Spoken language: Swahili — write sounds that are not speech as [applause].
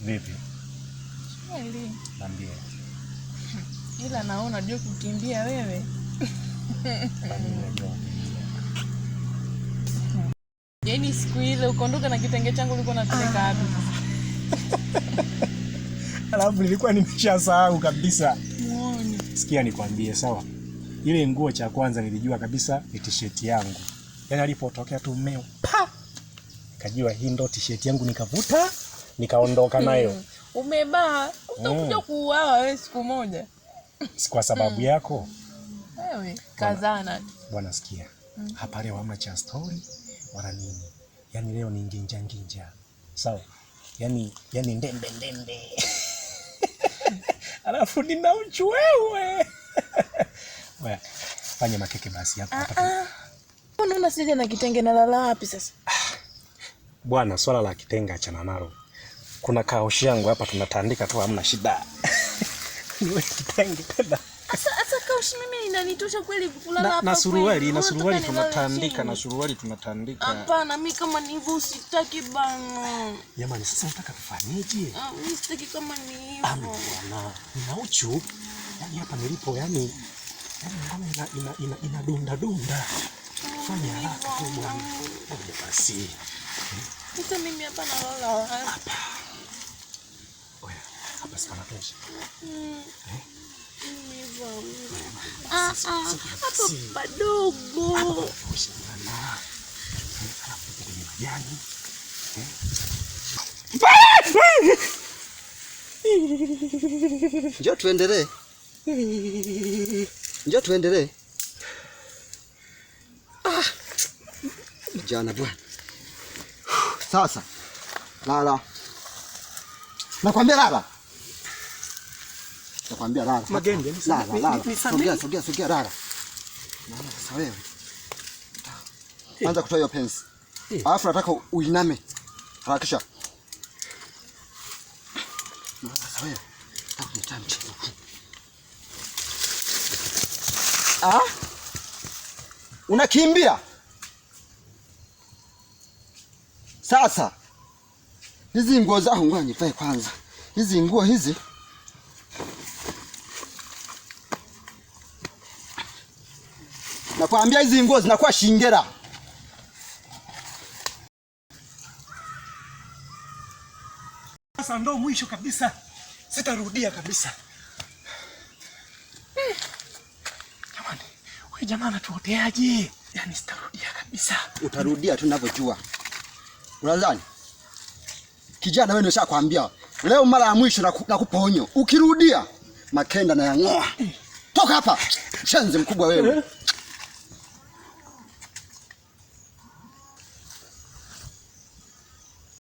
Vipi? Sheli. Niambie. Hmm. Ila naona unajua kukimbia wewe. [laughs] Yaani siku ile ukondoka na kitenge changu ulikuwa unateka ah. wapi? [laughs] Alafu nilikuwa nimeshasahau kabisa. Muone. Sikia nikwambie, sawa? Ile nguo cha kwanza nilijua kabisa ni t-shirt yangu. Yaani alipotokea tu mmeo pa. Kajua hii ndo t-shirt yangu nikavuta nikaondoka hmm. nayo. Umebaa, utakuja hmm. kuuawa wewe siku moja. kwa sababu hmm. yako wewe, kazana bwana. Sikia hapa leo, ama cha story wala nini, yani leo ni nginja nginja, sawa? Yani yani ndembe ndembe, [laughs] alafu nina uchu wewe. [laughs] Fanya makeke basi ah, hapa hapa. Unaona sija na kitenge na lala wapi sasa? Ah, bwana, swala la kitenge achana nalo kuna kaushi yangu hapa tunatandika tu, hamna shida. [laughs] Na, na suruali na suruali tunatandika na suruali tunatandika. Hapana, mimi kama ni hivyo sitaki bana. Jamani, sasa nataka tufanyeje? Ah, mimi sitaki kama ni hivyo. Nina uchu. Yaani hapa nilipo yani yaani ina ina ina, ina dunda dunda. Fanya haraka tu bwana. Ah, basi. Sasa mimi hapa nalala. Hapana sana tosha. Hapo padogo eh? eh, eh, kwenye majani Njoo tuendelee. Njoo tuendelee. Ah. Jana bwana. Sasa. Lala. Nakwambia lala nakwambia lala. Magenge, lala, lala. Sogea, sogea, sogea, lala. Sasa wewe. Eh. Anza kutoa hiyo pensi. Eh. Alafu nataka uiname. Harakisha. Sasa wewe. Nataka mchezo. Ah? Unakimbia? Sasa hizi nguo zangu ngoja nifae kwanza. Hizi nguo hizi Nakwambia hizi nguo zinakuwa shingera. Sasa ndo mwisho kabisa, sitarudia kabisa. Hmm. Jamani, wewe jamaa anatuoteaje? Yaani sitarudia kabisa. Utarudia tu ninavyojua. Unadhani? Kijana wewe nimesha kwambia. Leo mara ya mwisho nakupa onyo. Ukirudia makenda na yang'oa. Eh. Toka hapa. Shenzi mkubwa wewe. Eh?